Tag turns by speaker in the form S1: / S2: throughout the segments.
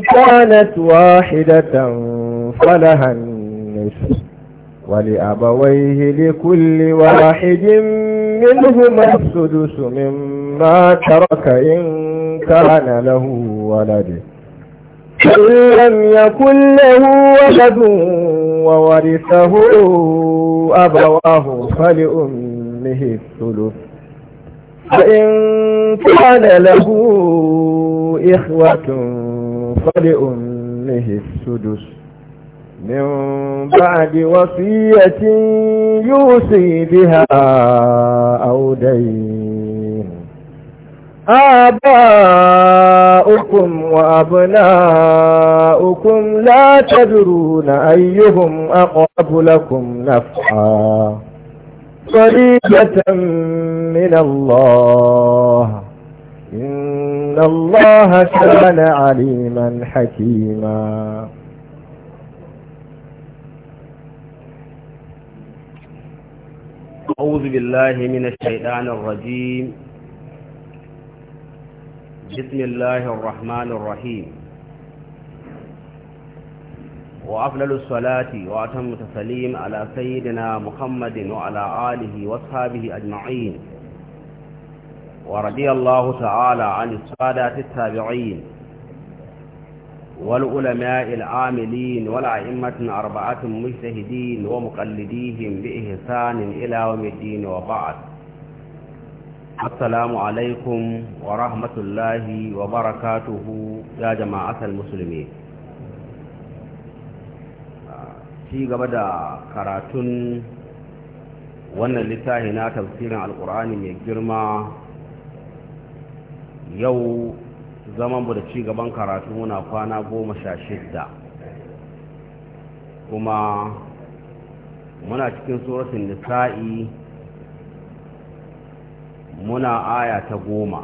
S1: كانت واحدة فلها النصف ولأبويه لكل واحد منهما السدس مما ترك إن كان له ولد فإن لم يكن له ولد وورثه أبواه فلأمه الثلث فإن كان له إخوة فقد أمه السدس من بعد وصية يوصي بها أو دين آباؤكم وأبناؤكم لا تدرون أيهم أقرب لكم نفعا فريدة من الله إن الله كان عليما حكيما
S2: أعوذ بالله من الشيطان الرجيم بسم الله الرحمن الرحيم وأفضل الصلاة وأتم التسليم على سيدنا محمد وعلى آله وأصحابه أجمعين ورضي الله تعالى عن السادة التابعين والعلماء العاملين والأئمة أربعة مجتهدين ومقلديهم بإحسان إلى يوم الدين وبعد السلام عليكم ورحمة الله وبركاته يا جماعة المسلمين ci gaba da karatun wannan littafi na tafsirin alkur'ani mai girma yau zaman mu da ci gaban karatu muna kwana goma sha shidda kuma muna cikin suratun nisa'i muna aya ta goma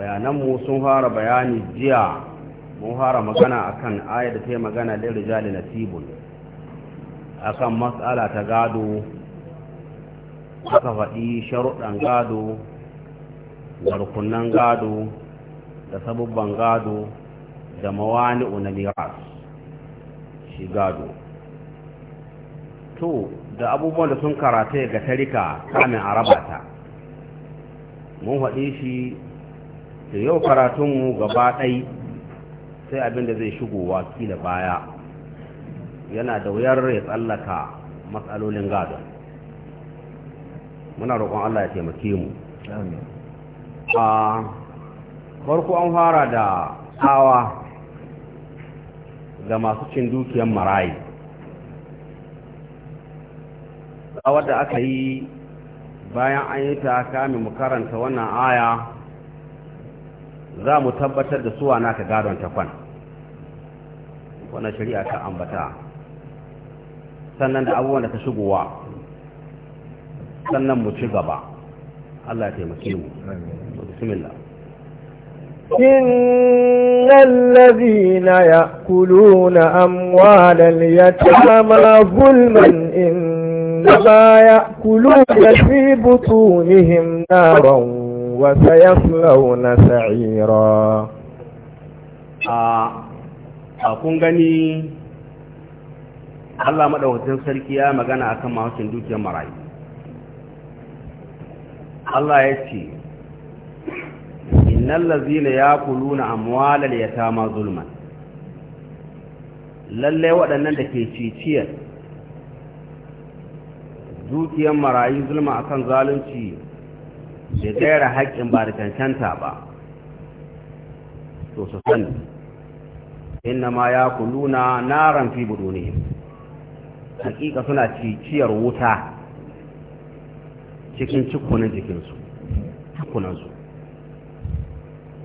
S2: bayananmu sun fara bayani jiya mun fara magana akan aya da ta yi magana da rijali nasibun akan matsala ta gado aka faɗi sharuɗan gado da rukunan gado da sabubban gado da mawani na miras shi gado to da abubuwan da sun karata ga tarika kamin arabata mun haɗe shi da yau karatunmu gaba ɗai sai abin da zai shigowa da baya yana da wuyar ya tsallaka matsalolin gado. muna roƙon Allah ya taimake mu amin a farko an fara da tsawa ga masu cin dukiyar marayi tsawar da aka yi bayan an yi ta kamin mu karanta wannan aya za mu tabbatar da suwa na ka gadon takwan wannan shari'a ta ambata sannan da abubuwan da ta shigowa sannan mu ci gaba Allah ya taimake mu بسم الله
S1: إن الذين يأكلون أموال اليتامى ظلما إنما يأكلون في بطونهم نارا وسيصلون سعيرا
S2: a kun gani Allah madawacin sarki ya magana akan mahaukacin dukiyar marayu Allah ya ya kuluna yakuluna amwalal ma zulman Lallai waɗannan da ke ciciyar dukiyar marayu zulma akan zalunci da gaira haƙƙin ba da cancanta ba to su sani inna ma ya kuluna naran fi budune hakika suna ciciyar wuta cikin cikunan jikinsu cikunansu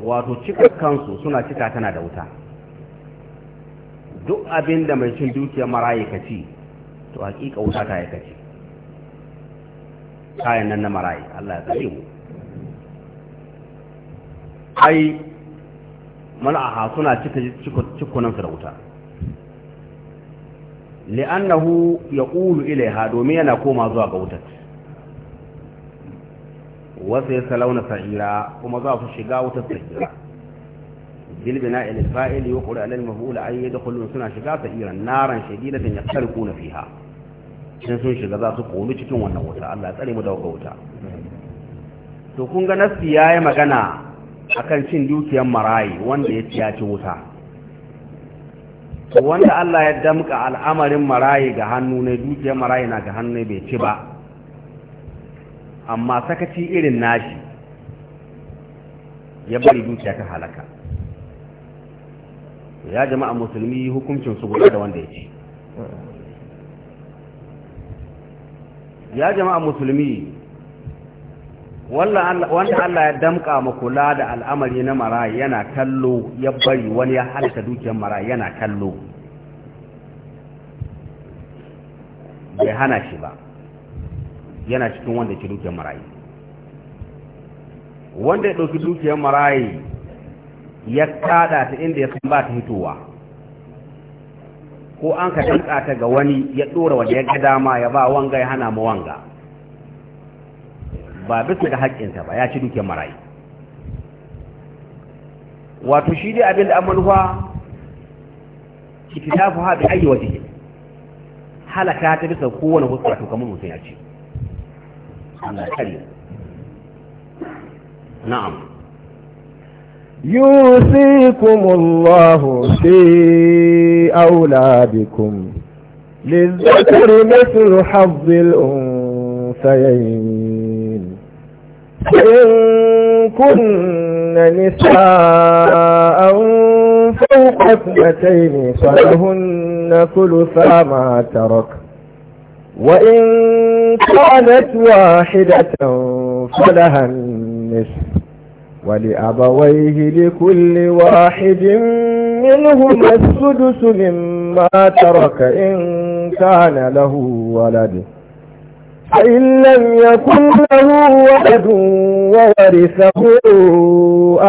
S2: wato cika kansu suna cika tana da wuta duk abin da mai cin dukiyar mara ya kaci to hakika wuta ta ya kaci kayan nan na mara Allah ya tsare mu ai mal'aha suna cika cikunansu da wuta li'annahu ilai ilaiha domin yana koma zuwa ga wutar wasu ya salauna sa'ira kuma za su shiga wutar sa'ira bilbina ilil fa'il yi ƙuri alal mafula an yi da kullum suna shiga sa'ira naran na ya karku na fiha sai sun shiga za su kolu cikin wannan wuta Allah ya tsare mu da wuta to kun ga nasi yi magana a kan cin dukiyar marayi wanda ya ciya ci wuta wanda Allah ya damka al'amarin marayi ga hannu ne dukiyar marayi na ga hannu bai ci ba amma sakaci irin nashi ya bari dukiya ta halaka ya jama'a musulmi hukuncin su guda da wanda ya ci ya jama'a musulmi wanda Allah ya damka ma kula da al'amari na mara yana kallo ya bari wani ya halaka dukiyar mara yana kallo bai hana shi ba yana cikin wanda ke dukiyar marayi wanda ya ɗauki dukiyar marayi ya kada ta inda ya san ba ta hitowa ko an ka danka ta ga wani ya ɗora wanda ya ga dama ya ba wanga ya hana ma wanga ba bisa da haƙƙinsa ba ya ci dukiyar marayi wato shi dai abin da an manufa kitabu ha bi ayi waje halaka ta bisa kowane hukunta to kamar mutum ya ce على نعم
S1: يوصيكم الله في أولادكم للذكر مثل حظ الأنثيين فإن كن نساء فوق اثنتين فلهن ثلثا ما ترك وإن كانت واحدة فلها النصف ولأبويه لكل واحد منهما السدس مما ترك إن كان له ولد فإن لم يكن له ولد وورثه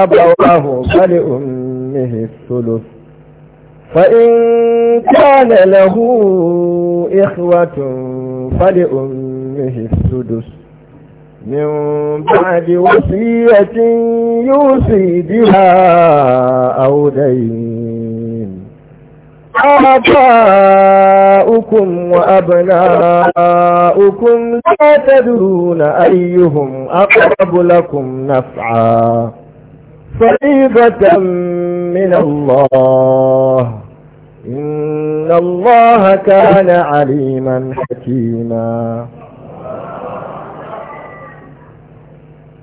S1: أبواه فلأمه الثلث فإن كان له إخوة فلأمه السدس من بعد وصية يوصي بها أو دين آباؤكم وأبناؤكم لا تدرون أيهم أقرب لكم نفعاً صيبة من الله إن الله كان عليما حكيما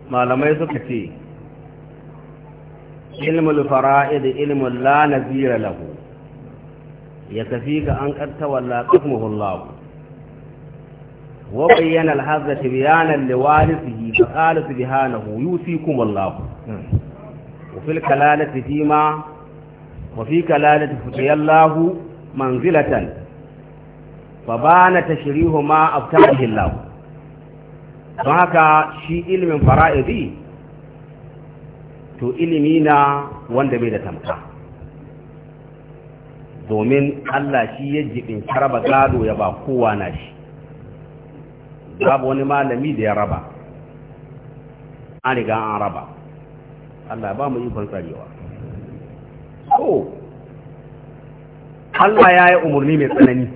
S2: ما لم يسكتي علم الفرائض علم لا نذير له يكفيك أن قد تولى قسمه الله وبين الحظة بيانا لوالده فقال سبحانه يوسيكم الله fil kalalati fima wa fi kalalati futiyallahu manzilatan fa bana tashrihu ma aftahi Allah don haka shi ilimin fara'idi to ilimi na wanda bai da tamka domin Allah shi ya jibin raba gado ya ba kowa na shi babu wani malami da ya raba an riga an raba Allah ba mu ikon tsarewa so Allah ya yi umarni mai tsanani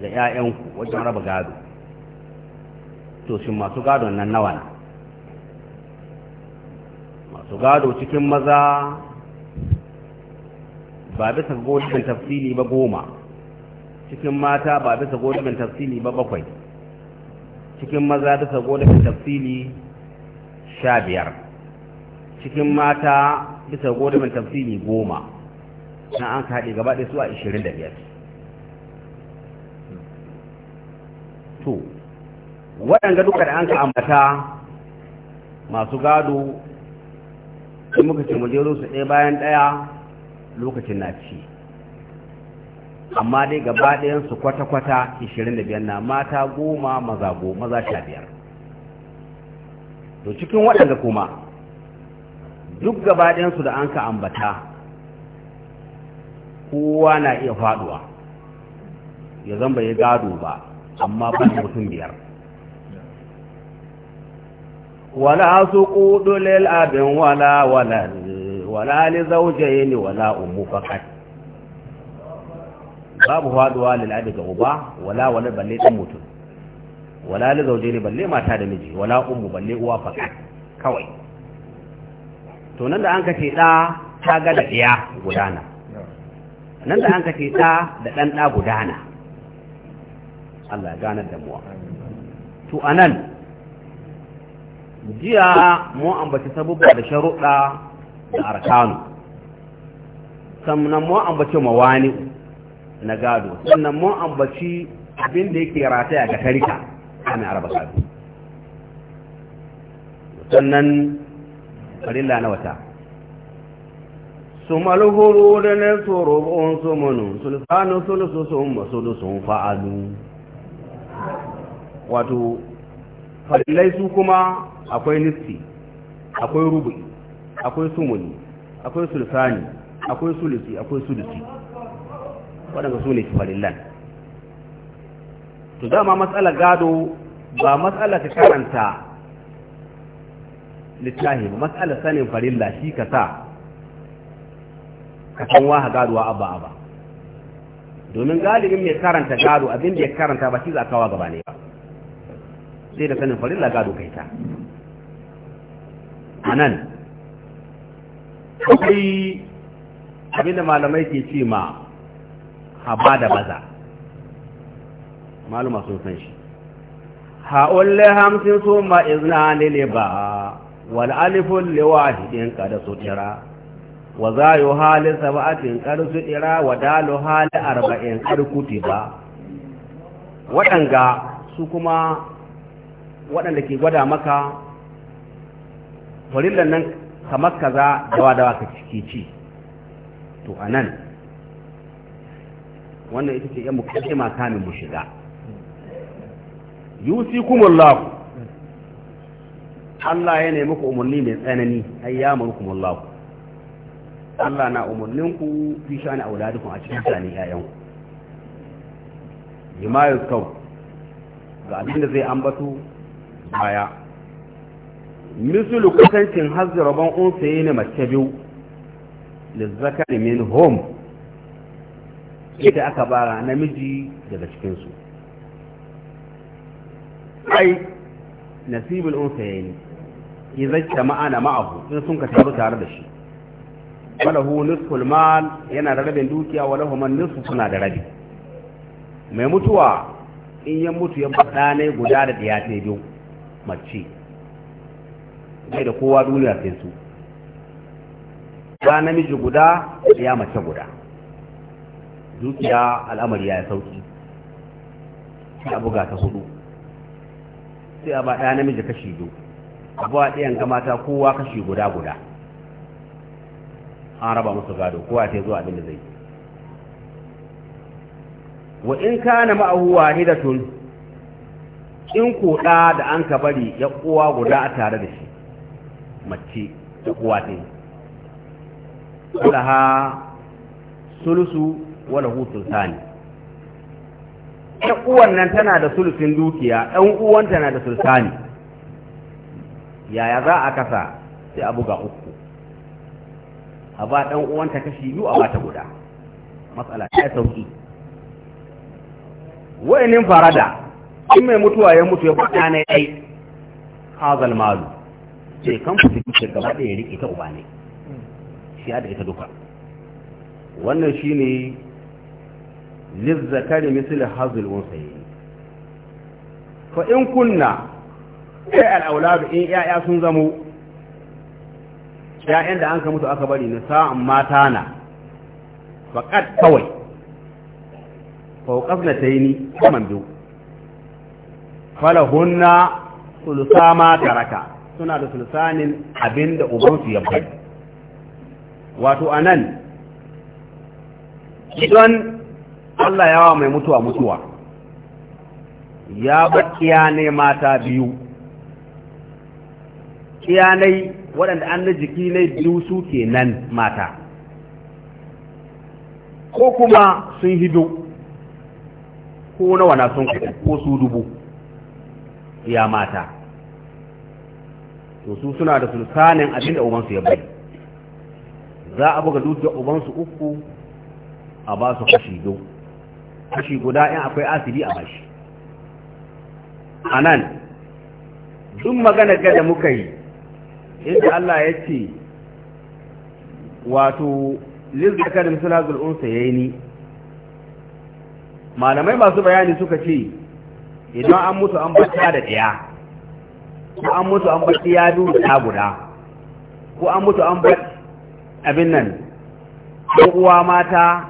S2: ga 'ya'yanku wajen raba gado to shi masu gado nan nawa ne masu gado cikin maza ba bisa godin tafsili ba goma cikin mata ba bisa godin tafsili ba bakwai cikin maza bisa godin tafsili sha biyar cikin mata bisa godumin tafsiri goma na an kaɗe gaba ɗaya su a ishirin da biyar to waɗanda duka da an ka ambata masu gado in muka ce mujero su ɗaya bayan ɗaya lokacin na ci amma dai gaba ɗayan su kwata-kwata 25 na mata goma maza goma maza 15 to cikin waɗanda kuma duk gabaɗinsu da an ka ambata kowa na iya faɗuwa ya zamba ya gado ba amma ba su mutum biyar wala su ƙudu abin wala wala wala zaujaye ne wala umu fakat babu faɗuwa lil'adi ga uba wala wala balle ɗan mutum wala li zauje ne balle mata da miji wala ummu balle uwa fakat kawai to nan da an kace da ta ga da iya gudana nan da an kace da da dan da gudana Allah ya ganar da mu to anan jiya mu ambaci sabubba da sharuɗa da arkanu sannan mu ambaci mawani na gado sannan mu ambaci abin da yake rataya ga tarika ana araba sabi sannan farilla na wata sun alhuru da ne tsoro ba'un su manu sulfanu sulusu sun masulusu fa'adu wato farillai su kuma akwai nisti akwai rubui, akwai sumuni akwai sulfani akwai sulusi akwai sulusi waɗanda su ne farillai to dama matsala gado ba matsala ka karanta littahi ba matsala sanin farilla shi ka sa ka san waha gadowa abba abba domin galibin mai karanta gado abin da ya karanta ba shi za kawo gaba ne ba sai da sanin farilla gado kai ta a nan akwai abinda malamai ke ce ma haba da baza maluma sun san shi ha'ulle hamsin su ma izna ne ba wal alifun liwahidin kada su tira wa za yi hali saba'atin kada su tira wa dalu hali arba'in kar ba waɗanga su kuma waɗanda ke gwada maka farillan nan kamar kaza dawa-dawa ka ciki ci to a nan wannan ita ce yan ma kamin mu shiga yusikumullahu Allah ya nemi ku umarni mai tsanani ai ya mulkum Allah Allah na umarnin ku fi shani auladukum a cikin tani yayan ku bima yusau ga abin da zai ambato baya misulu kusancin hazzi rabon unsaye ne mace biyu lizzakari min home ita aka bara namiji daga cikinsu ai nasibul unsayni idza jama'ana ma'ahu in sun ka taru tare da shi hu nisful mal yana da rabin dukiya hu man nisfu suna da rabi mai mutuwa in ya mutu ya bada ne guda da diya ta biyu mace sai da kowa duniya sai su ba namiji guda ya mace guda dukiya al'amari ya sauki ta buga ta hudu sai a ba ɗaya namiji kashi biyu a ba ɗayan ga mata kowa kashi guda guda an raba musu gado kowa ta zuwa abin da zai wa in kana ma'ahu wahidatun in ko da da an ka bari ya kowa guda a tare da shi mace da kowa ta yi laha sulusu wala hutun sani ‘yan uwan nan tana da sulfin dukiya ‘yan uwan tana da sultani yaya za a kasa sai a buga uku a ba ɗan uwanta kashi biyu a ba ta guda matsala ta sauki wa'inin farada in mai mutuwa ya mutu ya faɗa na yi. hazal malu sai kan fi cikin gaba ɗaya ya riƙe ta uba ne shi da ita duka wannan shi ne lizzakari misali hazul unsayi fa in kunna sai al'auladu in ya'ya sun zamo ya'yan da an ka mutu aka bari na sa'an mata na faƙat kawai fauƙaf na ta yi kaman biyu falahunna sulusa ma taraka suna da sulusanin abin da ubansu ya bari wato anan idan Allah yawa mai mutuwa mutuwa ya ba kiyanai mata biyu kiyanai waɗanda an na jiki ne biyu su ke nan mata ko kuma sun hido ko nawa na sun kuɗi ko su dubu ya mata to su suna da sultanin abinda ubansu ya bai za a buga dukiyar ubansu uku a ba su kashi biyu kashi guda in akwai asidi a bashi anan duk magana ga da muka yi inda Allah ya ce wato lizzakar misalazul unsa yayi malamai masu bayani suka ce idan an mutu an bata da ɗaya ko an mutu an bata ya biyu da guda ko an mutu an bata abin nan ko uwa mata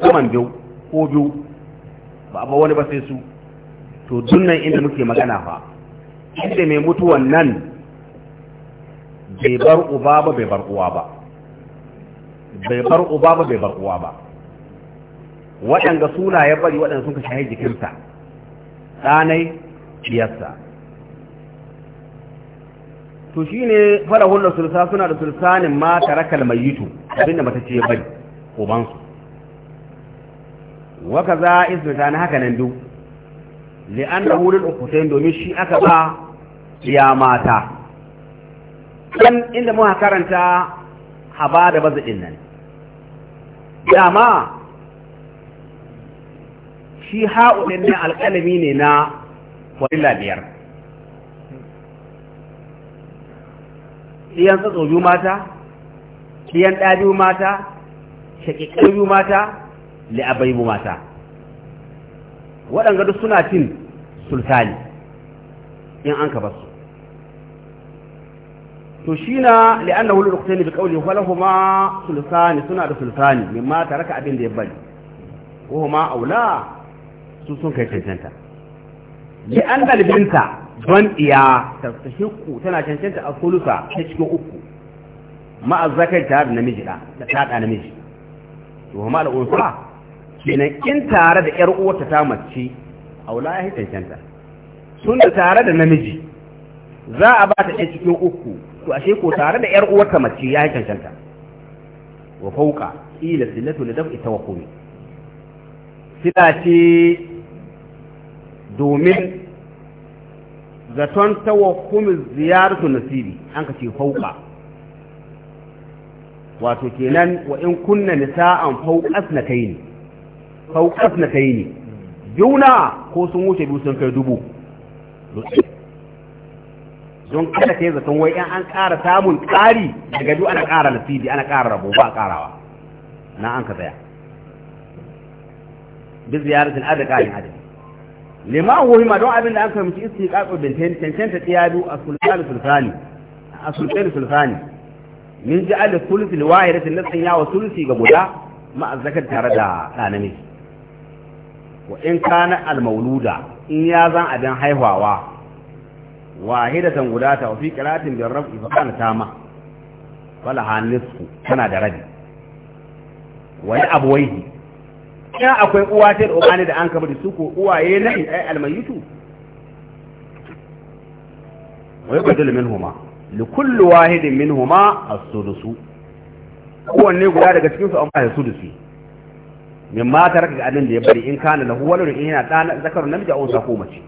S2: kuma biyu ko biyu ba ba wani ba sai su to dunnan inda muke magana fa inda mai mutuwan nan bai bar uba ba bai bar uwa ba bai bar uba ba bai bar uwa ba waɗanda suna ya bari waɗanda sun ka shahi jikinsa ɗanai ciyarsa to shi ne fara hulɗar sulsa suna da sulsanin ma tara mai yito abinda mata ce ya bari ubansu Waka za isbita na haka nan duk da wurin ukhtayn domin shi aka ba ya mata kan inda muka karanta haba da bazadin nan dama shi ha'udin ne alƙalami ne na kwarilla biyar ɗiyan tsatso biyu mata ɗiyan ɗa mata shaƙiƙar biyu mata abai bu mata waɗanga duk suna cin sultani in an ka su to shi na li'anna hulul uktaini bi qawli ma sultani suna da sultani mimma taraka abin da ya bari ko ma aula su sun kai cancanta li'anna libinta don iya ta shirku tana cancanta a kulusa ta cikin uku ma'a zakar ta da namiji da ta da namiji to ma al'unsa kenan in tare da ƴar uwarta ta mace aula ya cancanta sun da tare da namiji za a ba ta ce cikin uku to ashe ko tare da ƴar uwarta mace ya cancanta wa fauka ila silatu da daf'i tawakkuli sila ce domin zaton tawakkumin ziyaratu nasibi an ka ce fauka wato kenan wa in kunna an fauqas na kai ne Kaukas na kai ne juna ko sun wuce biyu sun kai dubu don kada ka yi zaton wai in an ƙara samun ƙari daga duk ana ƙara nasibi ana ƙara rabo ba a ƙarawa na an ka tsaya bi ziyaratin adda ƙarin adadi lima ma don abin da an fahimci isti ƙaƙo cancanta tsiya biyu a sultani sultani a sultani sultani min ji ala sulisi liwahidatin nasan yawa sulisi ga guda ma'a tare da ɗanamiji wa in kana almauluda in ya zan abin haihuwa wahidatan guda ta fi qiratin bi rafi fa kana tama wala hanisku tana da rabi wai abuwaihi in akwai uwa ta da ubani da an kaba da su ko uwaye na in ai almayitu wa yaqdul minhuma li kulli wahidin minhuma as-sudus kowanne guda daga cikin su an ba da sudusi min ma taraka ga abin da ya bari in kana lahu walad in yana da zakaru namiji aw sako mace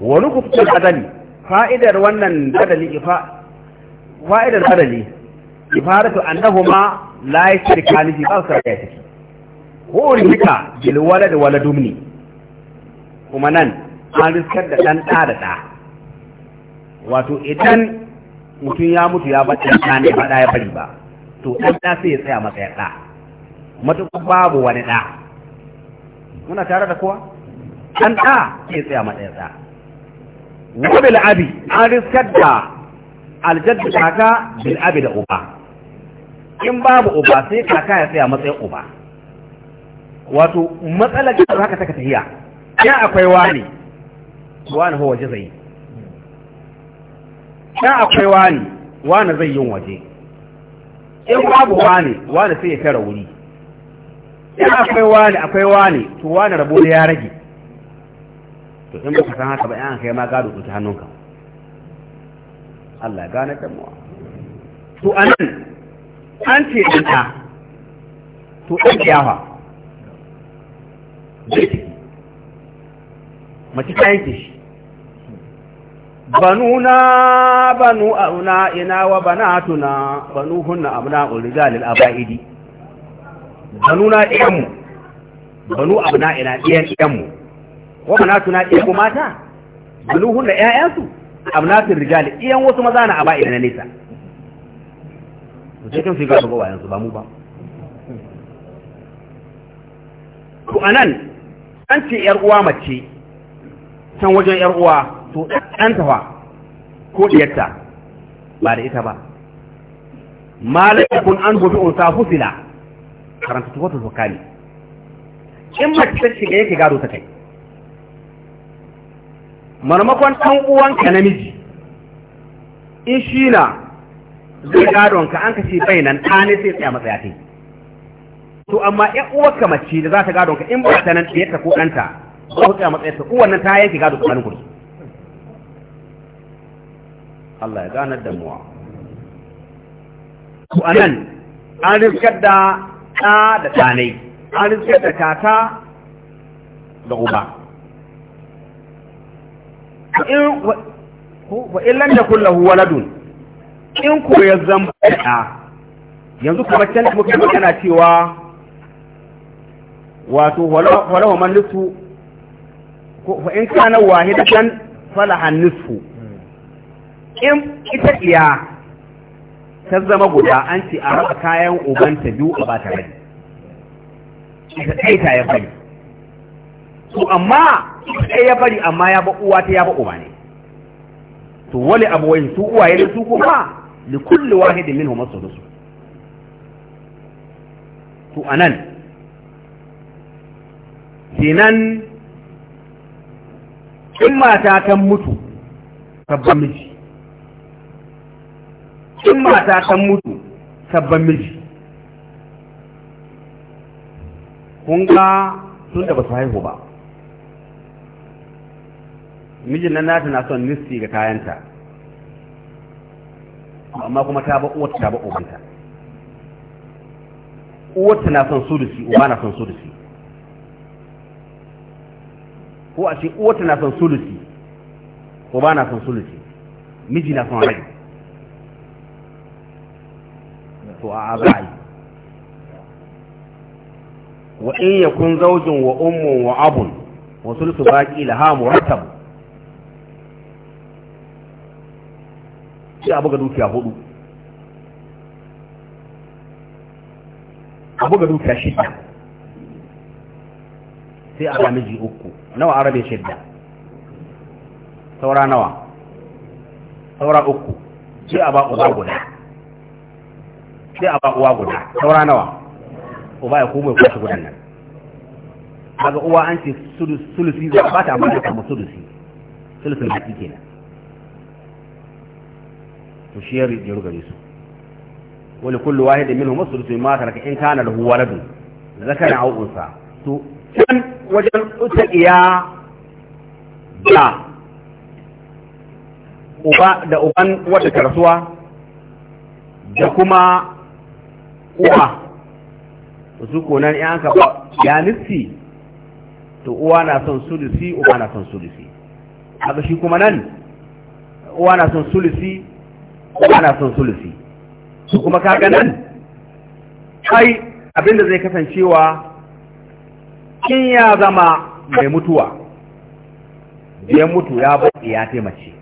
S2: wa nukutul adali fa'idar wannan adali ifa fa'idar adali ifaratu annahuma la yashrikani fi qasr ayati ko rika bil walad waladumni kuma nan an riskar da dan da da wato idan mutum ya mutu ya bace ɗa ba ɗa ya bari ba to dan da sai ya tsaya matsayin da matuƙar babu wani ɗa muna tare da kowa an ɗa ke tsaya matsayin ɗa wabil abi an riskar da aljaddu kaka bil abi da uba in babu uba sai kaka ya tsaya matsayin uba wato matsalar da haka take tahiya ya akwai wani wani ho waje zai ya akwai wani wani zai yin waje in babu wani wani sai ya tara wuri in akwai wani akwai wani to wani rabo da ya rage to in ba ka san haka ba yan kai ma gado ta hannunka Allah gane da mu to anan an ce dan ta to dan kiyafa mace ta yanke shi banuna banu auna ina wa banatuna banuhunna abna'ul rijalil aba'idi banu na ɗiyanmu banu abu na ina ɗiyan ɗiyanmu ko mana suna ɗiyan ku mata banu hunna ƴaƴansu abu na su rijali iyan wasu maza na aba ina na nesa Wace kan su yi gasa ga wayansu ba mu ba to anan an ce ƴar uwa mace san wajen ƴar uwa to ɗan tafa ko ɗiyarta ba da ita ba malakun an gobe unsa fusila karanta tuwa kani in mace ta shiga yake gado ta kai marmakon ɗan uwanka namiji in shi na zai gadon ka an kashe bai nan ɗa ne sai tsaya matsaya ta to amma ƴan uwarka mace da za ta gadon ka in ba ta nan ɗiyarta ko ɗanta ba ta tsaya matsaya ta uwan nan ta yanke gado tsakanin kuɗi Allah ya ganar da muwa anan an rikar da Ka da tanai an riskar da kaka da uba in lan da kullahu waladun in ku ya zama ɗa yanzu kuma can da muke magana cewa wato walahu man nisu. ko in kana wahidatan falahan nisu? in ita iya ta zama guda an ce a raba kayan ubanta biyu a bata rabi ita kai ta ya bari to amma sai ya bari amma ya ba uwa ta ya ba uba ne to wali abuwai su uwaye ne su kuma li kulli wahidin minhum masudus to anan kenan in mata kan mutu babban miji in mata ta mutu sabban miji kun ga tun da ba su haihu ba mijin nan nata na son nisti ga kayanta amma kuma ta ba uwata ta ba ubanta uwata na son su da shi uba na son su da shi ko a ce uwata na son shi, uba na son shi. miji na son rage to a a wa in yakun zaujin wa ummun wa abun wa sulsu baki laha murattab sai a buga dukiya hudu a buga dukiya shida sai a ga miji uku nawa arabe shidda saura nawa saura uku sai a ba uba guda sai a ba uwa guda saura nawa uba ya kuma ya kwashe gudan nan daga uwa an ce sulusi za a ta amma ta samu sulusi sulusin haƙi kenan to shi ya rugare su wani kullu wahi da minhu masu sulusi ma taraka in kana huwa ladu zakarin au unsa to can wajen iya da uba da uban wata karsuwa da kuma uwa su ko nan aka ba ya nufi? to uwa na son sulusi uba na son sulusi haka shi kuma nan uwa na son sulusi uba na son sulusi su kuma kaga nan kai abinda zai kasancewa kin ya zama mai mutuwa ya mutu ya bar iya taimace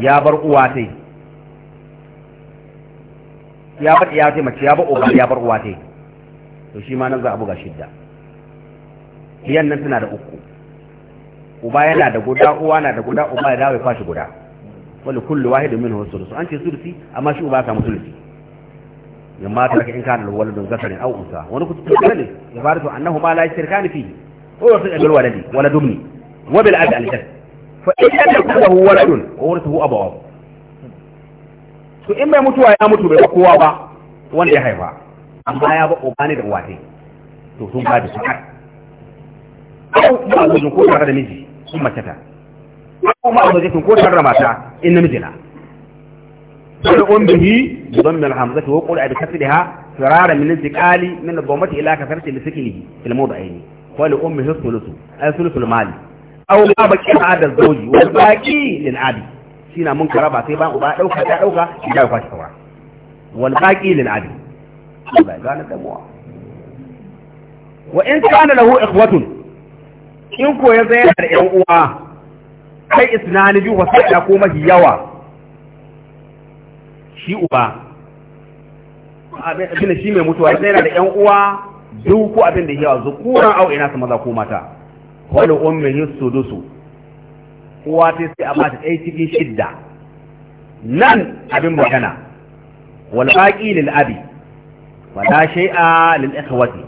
S2: ya bar uwa tai ya bar iya ta mace ya bar uba ya bar uwa ta to shi ma nan za a buga shidda biyan nan tana da uku uba yana da guda uwa na da guda uba ya dawo ya kwashi guda wani kullu wahidin min husul su an ce sulusi amma shi uba ya samu sulusi yamma ta ka in kana walidun zakarin au unsa wani kutu ne ya fara to annahu ma la yashirkani fi ko wasu ɗagal waladi waladun ne wabil abi al-jannah fa in kana lahu waladun wa warithu abawahu to in bai mutuwa ya mutu bai kowa ba wanda ya haifa amma ya ba uba ne da uwa ne to sun ba da su kai ko ba zojin ko tare da miji sun mace ta ko ma zojin ko tare da mata in namiji na sai on bihi don min hamzati wa qul abikasriha firara min intiqali min dhamati ila kasrati lisakinihi fil mawda'aini wa li ummihi thuluthu ay thuluthul mali aw ma baqiya 'ada zawji wa baqi lil abi 60 mun ba sai ba uba dauka ta dauka ya ya kwashi saura wal baqi lil adi Allah ya gane da mu wa in kana lahu ikhwatun in ko ya zai da 'yan uwa kai isnani bi wasaya ko mahi yawa shi uba abin shi mai mutuwa sai yana da ƴan uwa duk ko abin da yawa zukuran au ina su maza ko mata wani ummi yusudusu kowa ta sai a ba ta ɗaya cikin shidda nan abin magana wal baqi lil abi wala shay'a lil ikhwati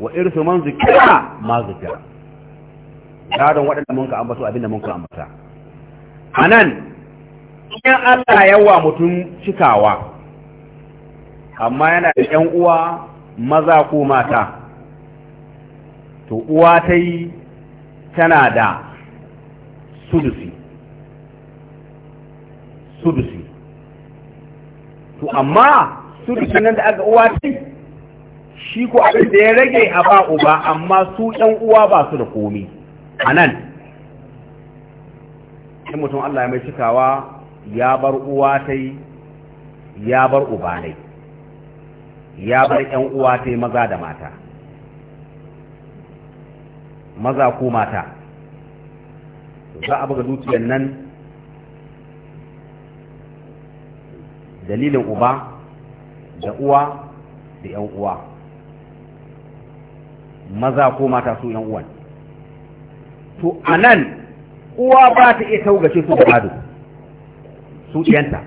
S2: wa irsu man zikira ma zikira don waɗanda mun ka ambato abin da mun ka ambata anan in Allah ya yawa mutum cikawa amma yana da ƴan uwa maza ko mata to uwa ta yi tana da sudusi sudusi to amma sudusi nan da aka uwa ce shi ko abin da ya rage a ba uba amma su ɗan uwa ba su da komi a nan in mutum Allah ya mai cikawa ya bar uwa ta ya bar uba ne ya bar ƴan uwa ta maza da mata maza ko mata za a buga dukiyar nan dalilin uba da uwa da yan uwa maza ko mata su yan uwan to a nan uwa ba ta iya taugace su da gado su ɗiyanta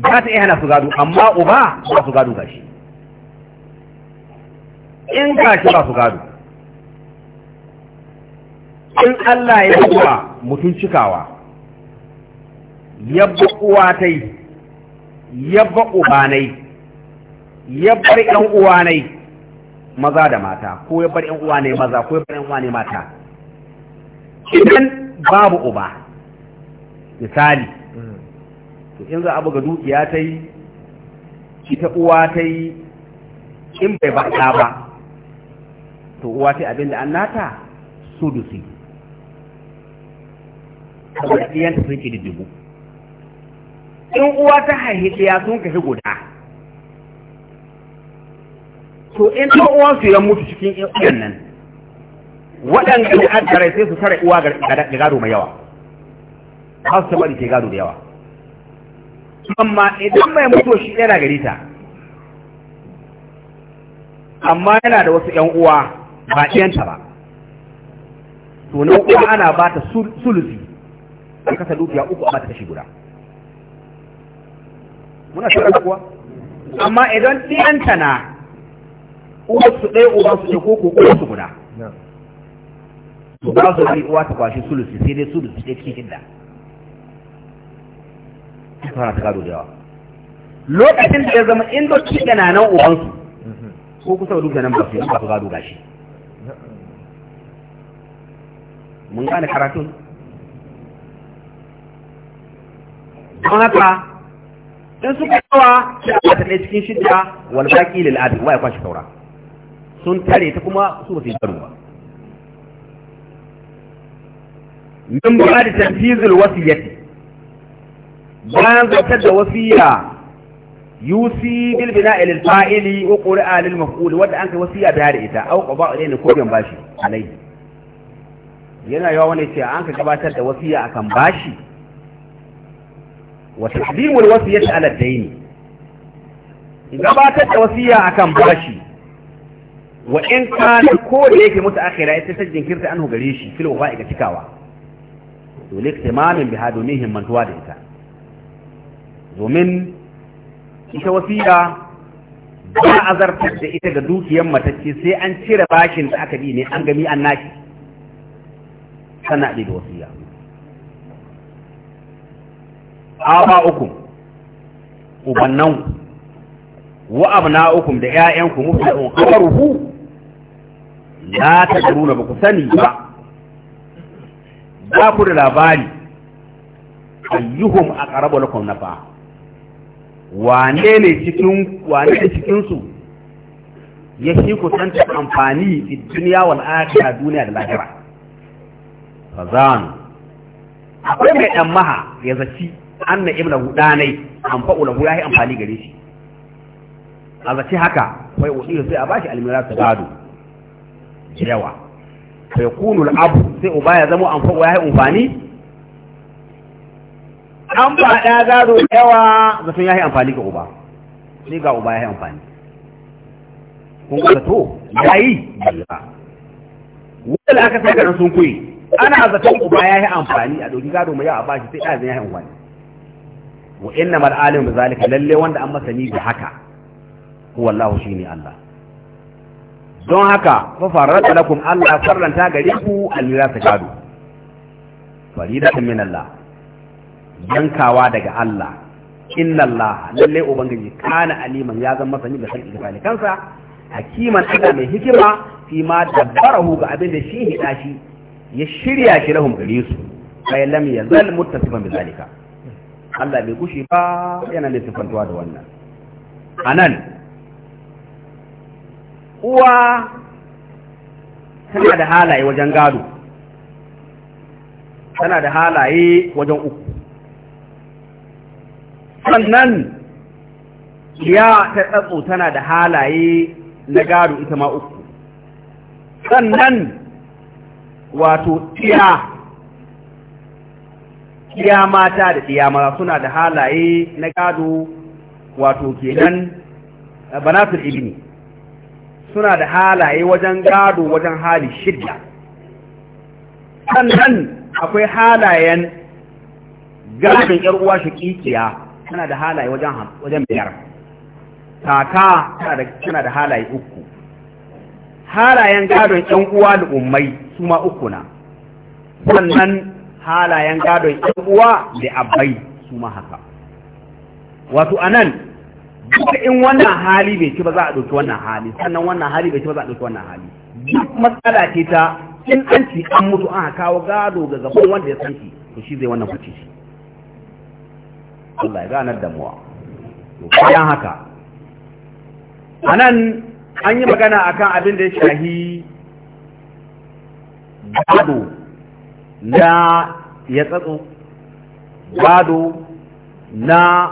S2: ba ta iya hana su gado amma uba ba su gado gashi in gashi ba su gado in
S1: Allah ya kuwa
S2: mutum cikawa yabba yi ya ubanai yabbar yan uwanai maza da mata ko ya yabbar yan uwanai maza ko ya yabbar yan uwanai mata idan babu uba misali to in za a buga dukiya ta yi ita uwa ta yi in bai ba ba to uwa ta abinda an nata sudusi saboda ɗiyanta sun dubu. in uwa ta haihi ɗaya sun kashi guda to in ɗan su yi mutu cikin ɗan nan waɗanda da addare sai su tara uwa ga gado mai yawa ba su taɓa ke gado da yawa amma idan mai mutu shi ɗaya na gari ta amma yana da wasu ‘yan uwa ba ɗiyanta ba to na uwa ana ba ta sulusi ya kasa dukiya uku amma ta kashi guda muna shirin kuwa amma idan ɗiyanta na uwarsu ɗaya uwarsu ne ko ko uwarsu guda to ba su bari uwa ta kwashi sulusi sai dai sulusi ɗaya cikin ta fara ta gado da yawa lokacin da ya zama in ba su da nan ubansu ko kusa da dukiya nan ba su yi ba su gado gashi mun gane karatun don haka
S1: in suka yawa
S2: sai a ta cikin shidda wal baqi lil adi wa ya kwashi saura sun tare ta kuma su ba su yi ba min ba da tanfizul wasiyati bayan zartar da wasiya yusi bil bina'i lil fa'ili wa qur'a lil maf'ul wanda an kai wasiya da ita au qaba ilayni ko biyan bashi alai yana yawa ne ce an ka gabatar da wasiya akan bashi wa taqdimul wasiyati ala ad-dayn gabatar da wasiya akan bashi wa in kana ko da yake mutu akhira ita ta jinkirta anhu gare shi fil wafa'i ga cikawa to lek tamamin biha domin himmantuwa da ita domin ita wasiya ba a zartar da ita ga dukiyar matacce sai an cire bashin da aka bi ne an gami an naki sana da wasiya aba'ukum ubannan wa abna'ukum da ƴaƴanku muflihun qaruhu la tadruna ba ku sani ba ba ku da labari ayyuhum aqrabu lakum nafa wane ne cikin wane ne cikin su ya shi ku tanta amfani a duniya wal akhirah duniya da lahira fazan akwai mai dan maha ya zaci. anna ibnahu danai an fa'ula hu yahi amfani gare shi a zace haka wai wadi sai a bashi almira gado yawa sai kunu al'abu sai uba ya zama an fa'ula yahi amfani an faɗa gado yawa zaton yahi amfani ga uba sai ga uba yahi amfani kun ga to yayi wanda aka saka sun kuyi ana zaton uba yahi amfani a doki gado mai yawa a bashi sai ɗazin yahi amfani wa inna mal alim zalika lalle wanda an masani da haka huwa Allah shine Allah don haka fa farata lakum Allah farlanta gare ku ta gado faridatan min Allah yankawa daga Allah inna Allah lalle ubangiji kana aliman ya zama masani da sanin kansa hakiman ana mai hikima fi ma dabbarahu ga abin da shi hida shi ya shirya shi lahum gare su kai lam yazal muttasifan bi zalika Allah bai gushe ba yana ne sifantuwa da wannan anan uwa tana da halaye wajen gado tana da halaye wajen uku sannan ya ta tsatso tana da halaye na gado ita ma uku sannan wato tiya iya mata da iya mara suna da halaye na gado wato kenan eh, banatul ibni suna da halaye wajen gado wajen hali shidda sannan akwai halayen gadon yar uwa shakikiya tana da halaye wajen wajen biyar kaka tana da halaye uku halayen gadon yan uwa da ummai su ma uku na sannan halayen gadon yan uwa da abai su ma haka wato anan duka in wannan hali bai ci ba za a ɗauki wannan hali sannan wannan hali bai ci ba za a ɗauki wannan hali duk matsala ce ta in an ci an mutu an kawo gado ga gaban wanda ya san shi to shi zai wannan kuce shi Allah ya ganar da muwa to bayan haka anan an yi magana akan abin da ya shahi gado na ya tsatsu gado na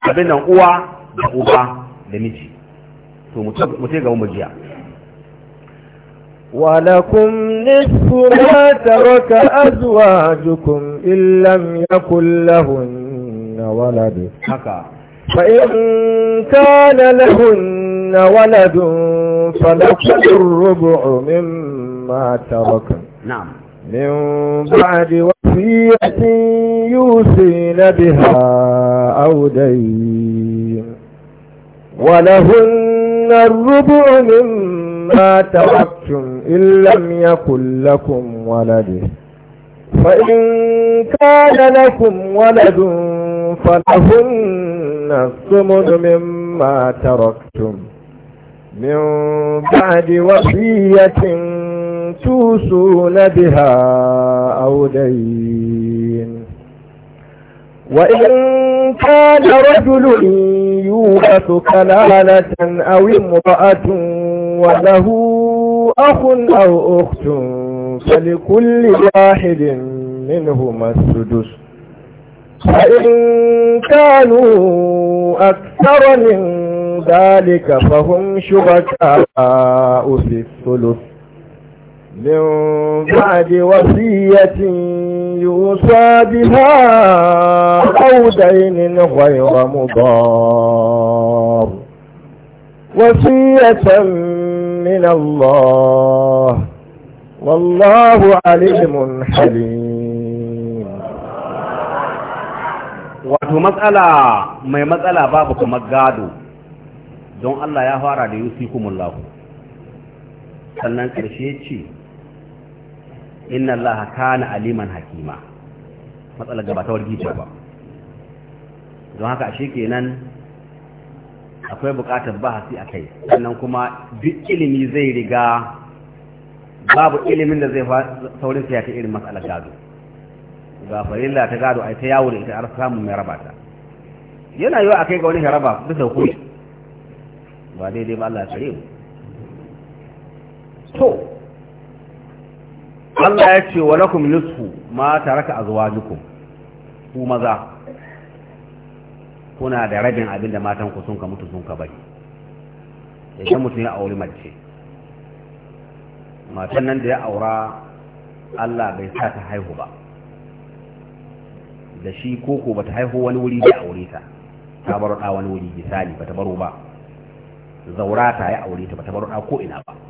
S2: abin nan uwa da uba da miji to mutum ga umarjiya ولكم نصف ما
S1: ترك أزواجكم إن لم يكن لهن ولد فإن كان لهن ولد فلكم الربع مما تركن نعم من بعد وفية يوصين بها أو دين ولهن الربع مما تركتم إن لم يكن لكم ولد فإن كان لكم ولد فلهن الثمن مما تركتم من بعد وفية توسون بها أو دين وإن كان رجل يوحث كلالة أو امرأة وله أخ أو أخت فلكل واحد منهما السدس فإن كانوا أكثر من ذلك فهم شركاء في الثلث من بعد وصية يوصى بها أو دين غير مضار وصية من الله والله عليم حليم
S2: wato matsala mai matsala babu kamar gado don Allah ya fara da yusikumullahu sannan ƙarshe ce inna Allah kana aliman hakima matsalar gaba ta ba don haka ashe kenan akwai bukatar bahasi a kai sannan kuma duk ilimi zai riga babu ilimin da zai saurin ta irin matsalar gado ga farilla ta gado ai ta yawo da ita har samu mai rabata yana yiwa a kai ga wani haraba bisa ku ba daidai ba Allah ya tsare mu to Allah ya ce wa lakum nisfu ma taraka azwajukum ku maza kuna da rabin abinda matan ku sun ka mutu sun ka bari idan mutum ya auri mace matan nan da ya aura Allah bai sa ta haihu ba da shi koko bata haihu wani wuri bai aure ta ta baro da wani wuri misali bata baro ba zaura ta ya aure ta bata baro da ko ina ba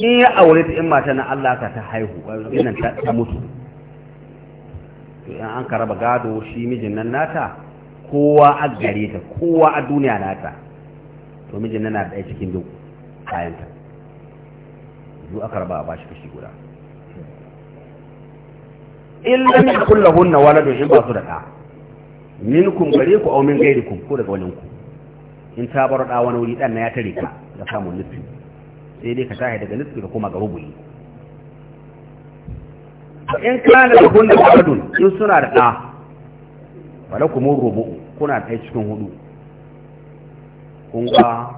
S2: in ya aure ta in mata na Allah ka ta haihu wannan ta mutu to in an ka raba gado shi mijin nan nata kowa a gare ta kowa a duniya nata to mijin nan na da cikin duk kayan ta duk aka raba ba shi kashi guda in min kullahunna waladu in ba su da Min minkum gare ku aw min gairikum ko daga walinku in ta bar da wani wuri dan na ya tare ka da samun nufi sai dai ka tashi daga nisfi ka koma ga rubuyi. in kana da hunna abdun in suna da ɗa falakum rubu'u kuna ta cikin hudu kun ga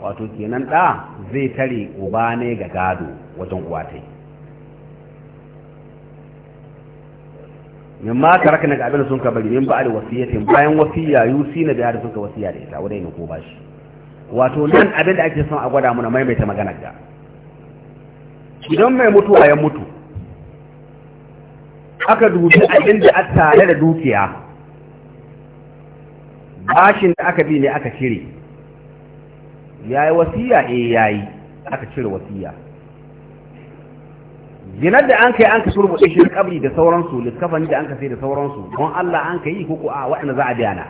S2: wato kenan ɗa zai tare uba ne ga gado wajen uwa ta min ma taraka na ga abin sun ka bari min ba'al wasiyatin bayan wasiya yusi na da sun ka wasiya da ita wadai ne ko bashi wato nan abin da ake son a gwada muna maimaita maganar da idan mai mutuwa ya mutu aka dubi abin da aka tare da dukiya bashin da aka bi ne aka cire ya yi wasiya eh ya yi aka cire wasiya Ginar da an kai an ka turbo shi kabri da sauransu littafan da an ka sai da sauransu don Allah an ka yi ko a waɗanda za a biya na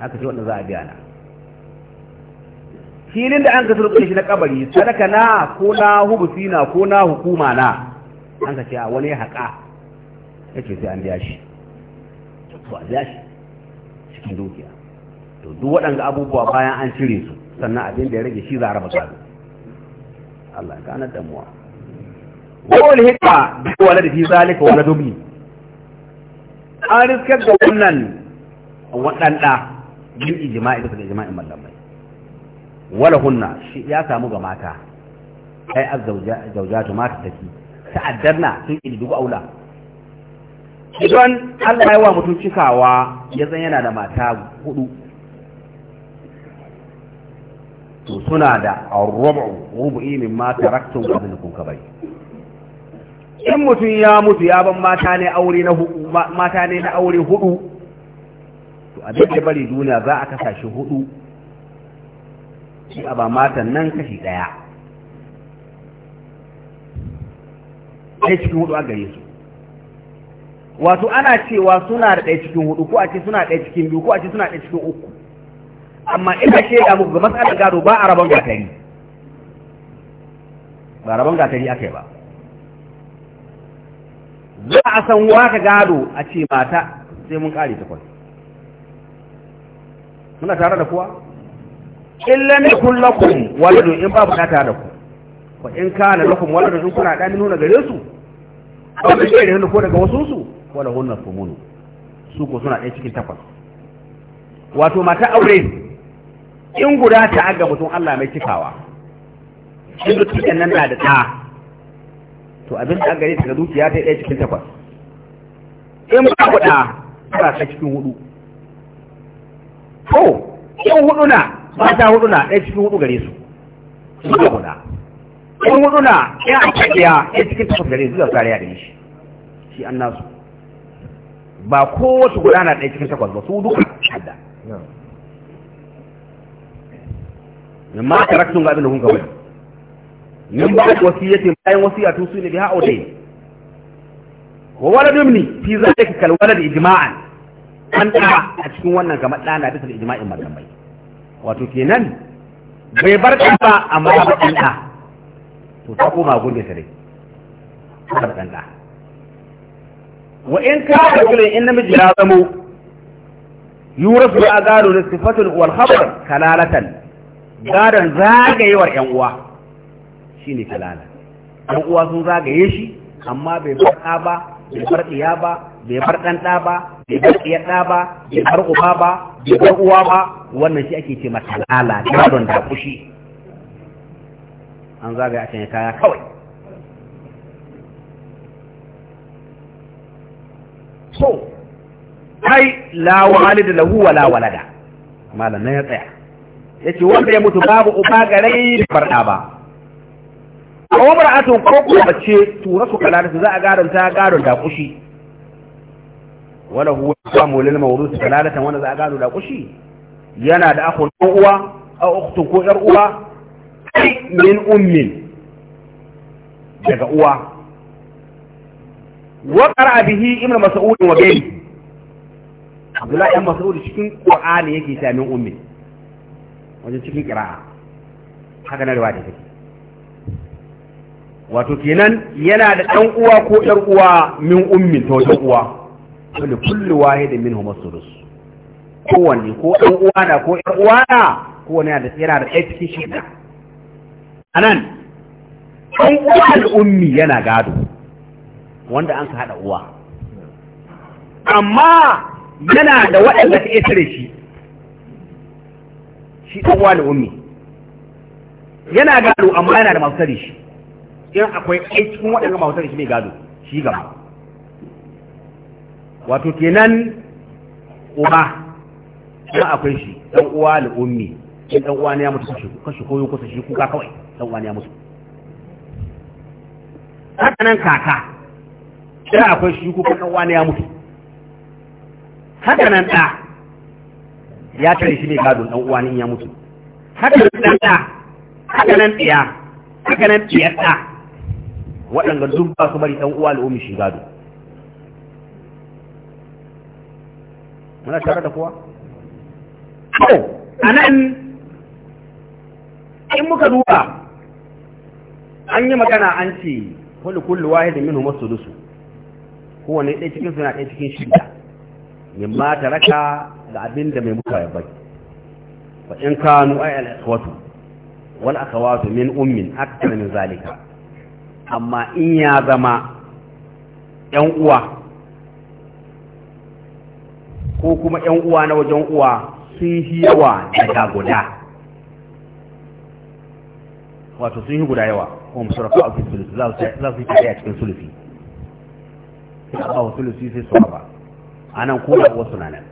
S2: aka ce waɗanda za a biya na filin da an ka turbe shi na kabari sadaka na ko na hubusi na ko na hukuma na an ka ce a wani haƙa ya ce sai an biya shi to a biya shi cikin dukiya to duk waɗanda abubuwa bayan an cire su sannan abin da ya rage shi za a raba gado Allah ya kanar damuwa wani hikma duk wani da fi zalika wani dubi an riskar da wannan waɗanda yin ijima'i da suka ijima'in mallamai wala hunna shi ya samu ga mata ai zaujatu, mata take ta'addarna sun yi duk aula
S3: idan Allah ya wa
S2: mutum cikawa ya zan yana da mata hudu to suna da rubu rubu'i min ma taraktum qabla kuka kabai in mutum ya mutu ya ban mata ne aure na hudu mata ne na aure hudu to abin da bari duniya za a kasashe hudu shi a ba matan nan kashi ɗaya ɗaya cikin hudu a gare su wato ana cewa suna da ɗaya cikin hudu ko a ce suna ɗaya cikin biyu ko a ce suna ɗaya cikin uku amma ina shaida muku ga matsalar gado ba a rabon gatari ba rabon gatari aka yi ba za a san waka gado a ce mata sai mun kare takwas muna tare da kowa in lam yakun lakum waladun in ba bukata da ku fa in kana lakum waladun in kuna dani nuna gare su ba ku ce ne ko daga wasu su wala hunna sumunu su ko suna ɗaya cikin takwas wato mata aure in guda ta aga mutum Allah mai cikawa in duk cikin nan na da ta to abin da gare ta dukiya ta ɗaya cikin takwas in ba ku tana ta cikin hudu ko in hudu na mata hudu na ɗaya cikin hudu gare su su ga guda ɗan hudu na ɗaya a ɗaya ɗaya cikin takwas gare su zuwa tsariya da shi shi an nasu ba kowace guda na ɗaya cikin takwas ba su duka hadda min ma karaktun ga abin da kun kawai min ba da wasiyyati bayan wasiya tun su ne biha audai wa wala dumni fi zalika kal walad ijma'an an ta a cikin wannan kamar ɗana bisa da ijma'in malamai wato kenan bai bar ɗan ba amma ɗanɗa ɗan ɗa to ta koma gurbe ta dai ta bar ɗan ɗa wa in ka da kulin in namiji ya zamo yurasu ya gado da sifatul wal khabar kalalatan gadon zagayewar 'yan uwa shine kalala Ɗan uwa sun zagaye shi amma bai bar ɗa ba bai bar ɗiya ba bai bar ɗan ɗa ba bai bar ɗiyar ɗa ba bai bar uba ba bai bar uwa ba wannan shi ake ce masa lala yaron da kushi an zagaya a can kaya kawai so kai la da lahu wala walada malam nan ya tsaya ce, wanda ya mutu babu uba garai da farda ba a umar ra'atun ko kuma bace tura su kala su za a garanta gadon da kushi wala huwa samu lil mawrus dalalatan wanda za a gado da kushi yana da akhu uwa aw ukhtu ko yar uwa min ummin daga uwa wa qara bihi ibn mas'ud wa bayni abdullahi ibn mas'ud cikin qur'ani yake ta min ummi wajen cikin qira'a haka na riwaya take wato kenan yana da dan uwa ko yar uwa min ummin to uwa wani kullu wahid min huma sulus kowanne ko ɗan uwana ko ɗan uwana kowanne yana da ɗaya cikin shida anan ɗan uwan ummi yana gado wanda an ka haɗa uwa amma yana da waɗanda ta isa da shi shi ɗan uwa da ummi yana gado amma yana da masu tare shi in akwai ɗaya cikin waɗanda masu tare shi mai gado shi gaba wato kenan uba kuma akwai shi dan uwa da ummi in dan uwa ne ya mutu kashi kashi koyo kusa shi kuka kawai dan uwa ne ya mutu haka nan kaka sai akwai shi kuka dan uwa ne ya mutu haka nan da ya tare shi ne gado dan uwa ne ya mutu haka nan da haka nan diya haka nan diyar da waɗanda duk su bari dan uwa da ummi shi gado muna tare da kowa a nan in muka duba an yi magana an ce wani kullu min masu masulusu kowane ɗaya cikin suna ɗaya cikin shida min ma taraka ga abin da mai mutuwa ya bai fa in kanu ay al akhwatu wal akhawatu min ummin akthar min zalika amma in ya zama yan uwa ko kuma ‘yan uwa na wajen uwa sun yi yawa daga guda wato sun yi guda yawa kuma rafa a cikin za su yi tafiya cikin sulufi sai a ba sulufi sai su ba a nan kuma wasu suna nan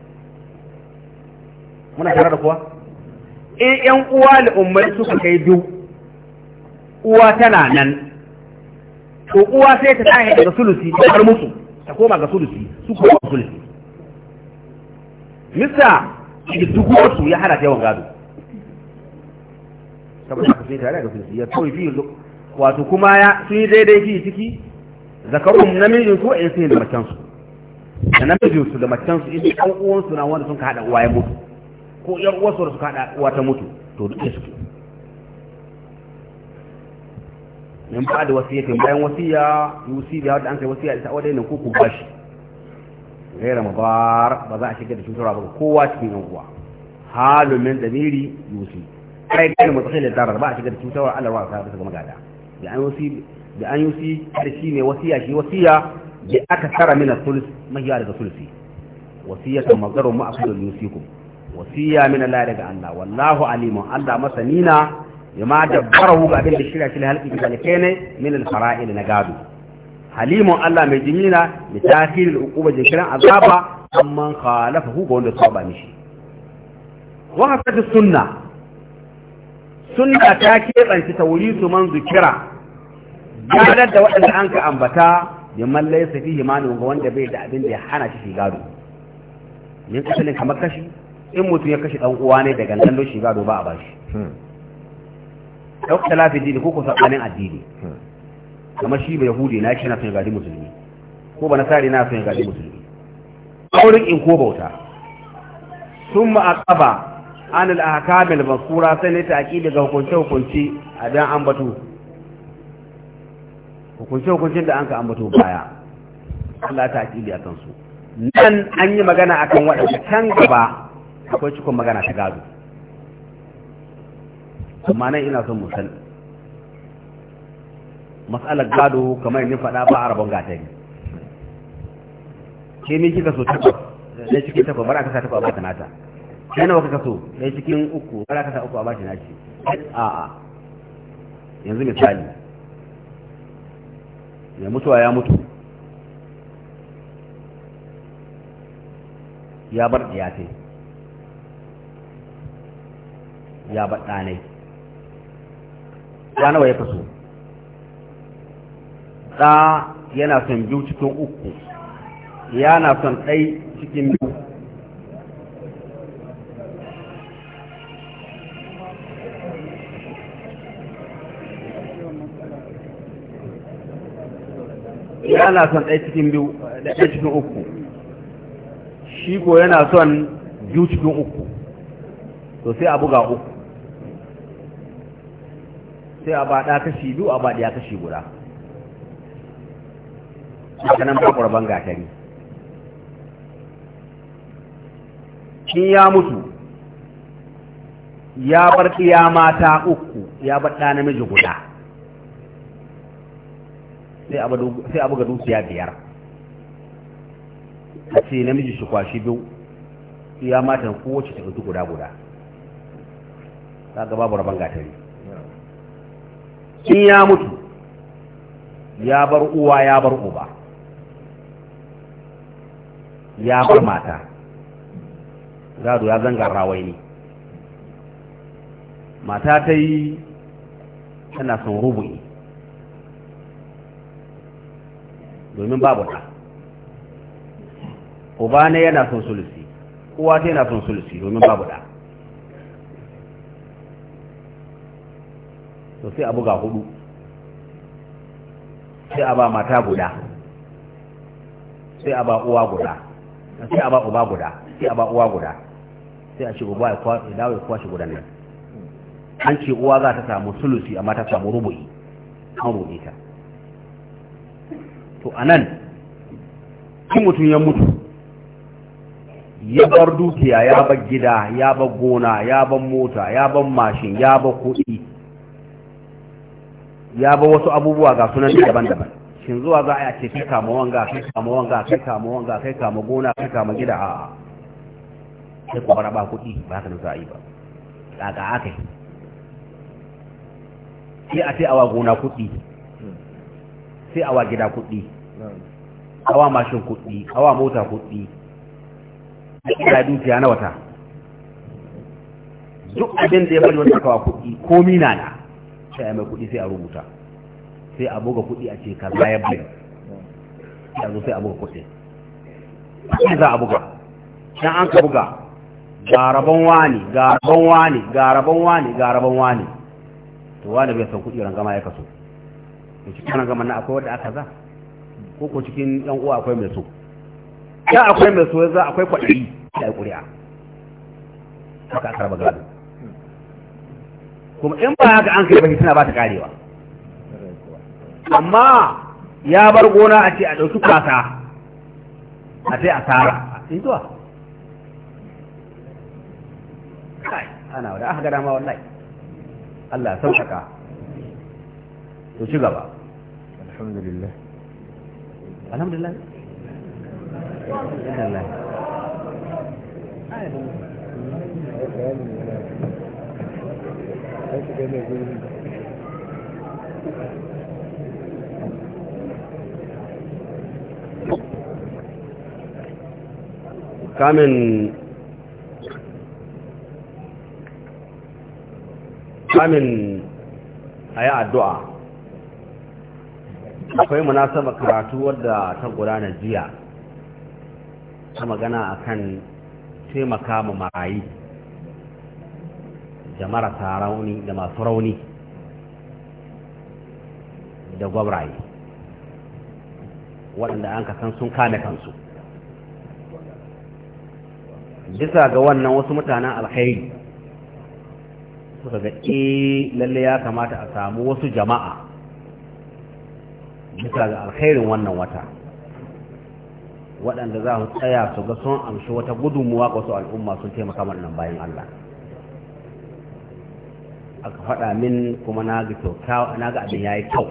S2: muna tare da kuwa in ‘yan uwa umar suka kai biyu uwa tana nan to uwa sai ta tsaye ga sulusi ta har musu ta koma ga sulusi su koma ga sulusi mista da duk wasu ya hana ta yawan gado saboda haka sai tare da sun ya fiye zo wato kuma ya sun yi daidai fiye ciki zakarun namijin su in sai da macen su da namijin su da macen su idan ɗan uwan su na wanda sun haɗa uwa ya mutu ko ƴan uwan su da suka haɗa uwa ta mutu to duk ya suke min ba da wasiyyatin bayan wasiya yusi da wanda an kai wasiya da ta wadai nan ko ku bashi gaira mubar ba a shiga da cutarwa ba kowa cikin yan uwa halun min damiri yusi kai kai mutakhil da darar ba a shiga da cutarwa Allah wa ta ga magada da an yusi da an yusi da shi ne wasiya shi wasiya bi akthara min al-thuluth mahiya daga thuluthi wasiyatan mazdarun ma aqulu yusikum wasiya min Allah daga Allah wallahu alimun Allah masanina bima ga abin da shirya shi halki da ne na gado halimun Allah mai jimina da tasirin ukuba jinkirin azaba amma khalafa hu ga wanda su ba mishi wa hasatu sunna sunna ta ta wuri su man zikira gadar da waɗanda an ka ambata ya mallai su fi himanin ga wanda bai da abin da ya hana shi gado yin kasalin kamar kashi in mutum ya kashe dan uwa ne da gangan don shi gado ba a bashi hmm. ɗaukar lafi dini ko kusa addini hmm. kamar shi ba yahudi na shi na son gadi musulmi ko ba nasari na son gadi musulmi aurin in ko bauta sun ma'aqaba an al-ahkam al sai ne ta'kid ga hukunce hukunci a dan batu hukunce hukuncin da an ka ambato baya Allah ta akili akan su nan an yi magana akan waɗanda can gaba akwai cikon magana ta gado amma nan ina son mu san matsalar gado kamar yin faɗa ba a rabon yi. ke ne kika so takwas ɗaya cikin takwas bara ka sa takwas a ta nata ɗaya nawa kaka so ɗaya cikin uku bara kasa sa uku a bashi A a. yanzu misali mai mutuwa ya mutu ya bar ɗiyatai ya bar ɗanai ya nawa ya kaso ɗa yana son biyu cikin uku yana son ɗai cikin biyu yana son ɗai cikin biyu ɗai cikin uku shi ko yana son biyu cikin uku to sai a buga uku sai a ba ɗa kashi biyu a ba ɗaya kashi guda haka nan ba ƙurban gatari shi ya mutu ya bar ɗiya mata uku ya bar ɗa namiji guda sai abu ga dukiya biyar a ce namiji shi kwashi biyu ya matan kowace ta ɗauki guda guda ta gaba babu rabon gatari in ya mutu ya bar uwa ya bar uba ya bar mata gado ya zanga rawai ne mata ta yi tana son rubu'i domin babu ta uba ne yana son sulusi uwa ta yana son sulusi domin babu ta to sai a buga hudu sai a ba mata guda sai a ba uwa guda sai a ba uba guda sai a ba uwa guda sai a ce uba ya dawo ya kwashe gudan nan an ce uwa za ta samu sulusi amma ta samu rubu'i an roƙe ta to a nan, kin mutum ya mutu ya bar dukiya ya bar gida ya bar gona ya bar mota ya bar mashin ya bar kuɗi ya bar wasu abubuwa ga sunan daban-daban shin zuwa za a yi a kai kama wanga kai kama wanga kai kama wanga kai kama gona kai kama gida a sai kuma raba ba kuɗi ba haka nan za a yi ba daga aka yi sai a sai awa gona kuɗi sai awa gida kuɗi awa mashin kuɗi awa mota kuɗi kira dukiya na wata duk abin da ya bari wani kawa kuɗi komi na na sai a mai kuɗi sai a rubuta sai a buga kuɗi a ce kaza ya bayan sai zo sai a buga kuɗi sai za a buga dan an ka buga ga rabon wani ga rabon wani ga rabon wani ga rabon wani to wani bai san kuɗi rangama ya kaso to cikin rangama na akwai wanda aka za ko ko cikin yan uwa akwai mai so ya akwai mai so za akwai kwaɗayi da ƙuri'a haka aka raba gado kuma in ba haka an kai ba tana ba ta karewa amma ya bar gona a ce a ɗauki kwasa a ce a tara in zuwa kai ana wadda aka gada ma wallahi Allah sauƙaƙa to ci gaba alhamdulillah alhamdulillah alhamdulillah
S1: Thank you.
S2: kamin kamin a yi addu'a akwai munasaba karatu wadda ta gudana jiya ta magana akan taimaka ma marayi da marasa rauni da masu rauni da gwabraye waɗanda an kasan sun kame kansu bisa ga wannan wasu mutanen alkhairi suka ga 'e lalle ya kamata a samu wasu jama'a bisa ga alkhairin wannan wata waɗanda za su tsaya su ga sun amshi wata gudunmuwa ga wasu al'umma sun taimaka nan bayan Allah aka faɗa min kuma na ga abin ya yi kyau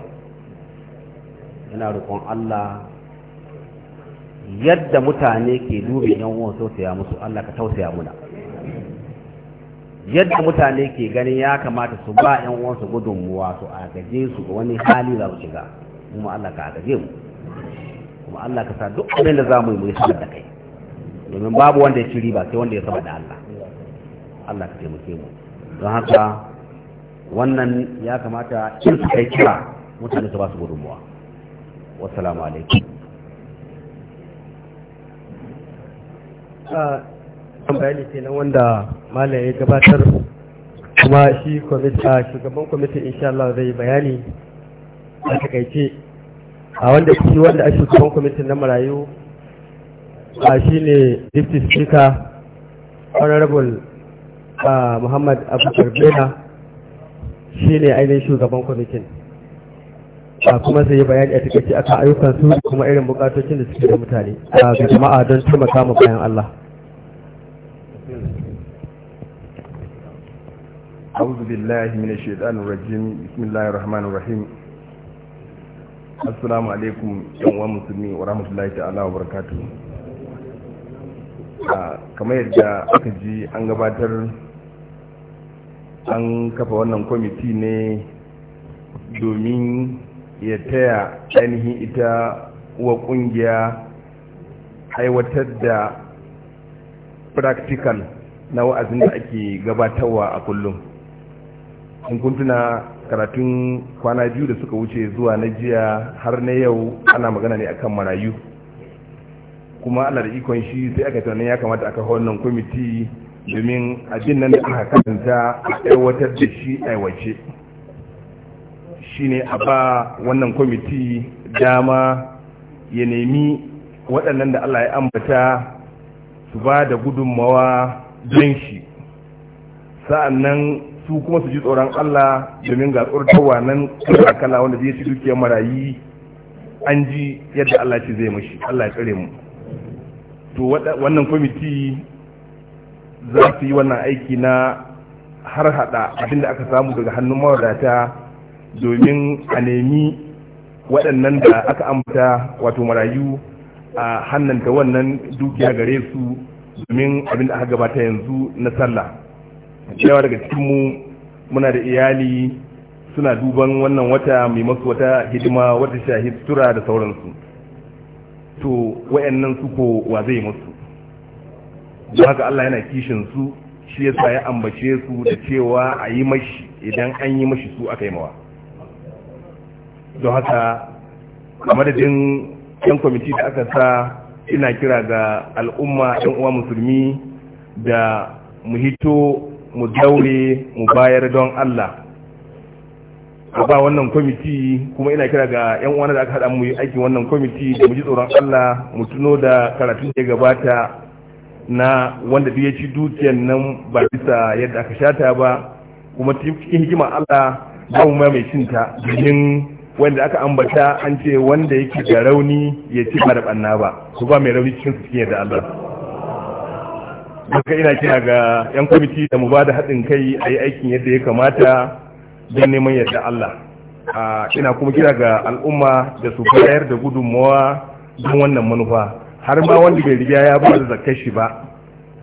S2: yana rukon Allah yadda mutane ke dube yan uwan tausaya musu Allah ka tausaya muna yadda mutane ke ganin ya kamata su ba yan su gudunmuwa su agaje su ga wani hali za su shiga kuma Allah ka agaje mu kuma Allah ka sa duk abin da za mu yi mu yi da kai domin babu wanda ya ci riba sai wanda ya saba da Allah Allah ka taimake mu don haka wannan ya kamata in su kai kira mutane su ba su gudunmuwa wasu alaikum
S3: a bayani kenan wanda malam ya gabatar kuma shi shugaban kwamitin insha Allah zai bayani a takaice a wanda shi wanda a shugaban kwamitin na marayu a shi ne deputy speaker honorable muhammad abubakar bena shi ne ainihin shugaban kwamitin a kuma zai yi bayani a takaice akan ayyukan su kuma irin bukatocin da suke da mutane a ga jama'a don taimaka mu bayan Allah
S4: أعوذ بالله من الشيطان الرجيم بسم الله الرحمن الرحيم السلام عليكم يوم ومسلمين ورحمة الله تعالى وبركاته كما kamar أكجي aka ji an gabatar an kafa wannan ya taya ainihin ita wa kungiya aiwatar da practical na wa'azin da ake gabatarwa a kullum in kuntuna karatun kwana biyu da suka wuce zuwa na jiya har na yau ana magana ne akan marayu kuma ana da ikon shi sai aka tunanin ya kamata aka wannan kwamiti domin abin nan da aka karanta a aiwatar da shi aiwace shine a ba wannan kwamiti dama ya nemi waɗannan da Allah ya ambata su ba da gudunmawa don shi sa'annan su kuma su ji tsoron Allah domin ga tsortowa nan kala wanda zai ci dukiyar marayi an ji yadda Allah ce zai mashi Allah ya tsare mu to wannan kwamiti za su yi wannan aiki na har hada abinda aka samu daga hannun mawadata domin a nemi waɗannan da aka ambata wato marayu a hannanta wannan dukiya gare su domin abin da aka gabata yanzu na sallah yawa daga cikinmu muna da iyali suna duban wannan wata mai masu wata hidima wata shahid tura da sauransu to wayannan su ko wa zai musu don haka Allah yana kishin su shi yasa ya ambace su da cewa a yi mashi idan an yi mashi su aka yi mawa don haka a madadin yan kwamiti da aka sa ina kira ga al'umma yan uwa musulmi da mu hito mu daure mu bayar don Allah a ba wannan kwamiti kuma ina kira ga yan uwa da aka haɗa mu yi aikin wannan kwamiti da mu ji tsoron Allah mu tuno da karatun da ya gabata na wanda duk ya ci dukiyar nan ba bisa yadda aka shata ba kuma cikin hikima Allah ba mu mai cinta domin wanda aka ambata an ce wanda yake da rauni ya ci mara banna ba su ba mai rauni cikin cikin yadda Allah duka ina kira ga yan kwamiti da mu ba da haɗin kai a yi aikin yadda ya kamata don neman yadda Allah ina kuma kira ga al'umma da su bayar da gudunmawa don wannan manufa har ma wanda bai riga ya ba da zakkar shi ba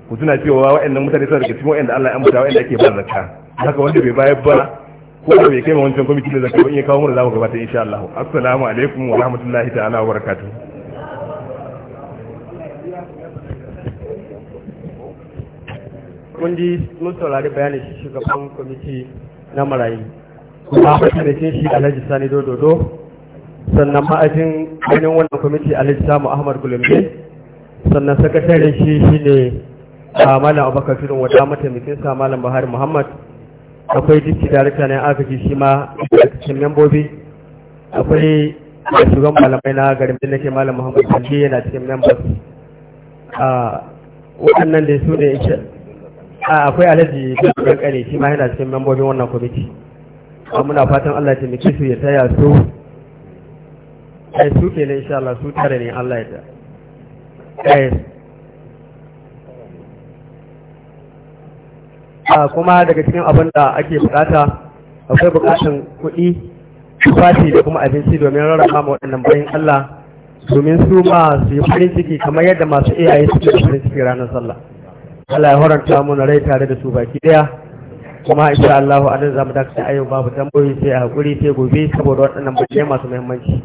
S4: ku tuna cewa wa'annan mutane suna daga cikin wa'anda Allah ya ambata wa'anda ake ba zakka haka wanda bai bayar ba ko da bai kai ma wancan kwamiti da zaka in ya kawo mu da zamu gabata insha Allah assalamu alaikum wa rahmatullahi ta'ala wa barakatuh
S3: mun mun saurari bayanin shi shugaban kwamiti na marayu kuma ke shi alhaji sani dododo sannan ma'ajin ainihin wannan kwamiti alhaji samu ahmad gulumbe sannan sakataren shi shine a ah, malam Abakar firin wata mataimakin sa malam bahari muhammad akwai diski darita na agaji shi ma cikin membobi akwai shugaban malamai na garin da nake malam muhammad kalli yana cikin members a waɗannan da su ne a akwai alhaji ɗan ƙane shi ma yana cikin membobin wannan kwamiti muna fatan allah ta miki su ya taya su ai su ke ne insha allah su tare ne allah ya ta a kuma daga cikin abin da ake bukata akwai bukatan kuɗi tufafi da kuma abinci domin rarraba ma waɗannan bayan Allah domin su ma su yi farin ciki kamar yadda masu iyaye suke da farin ciki ranar sallah
S2: Allah ya horanta
S3: mu na rai tare da su baki ɗaya kuma insha Allah a nan zamu dakata ayyau babu tambayoyi sai a hakuri sai gobe saboda waɗannan bayanai masu muhimmanci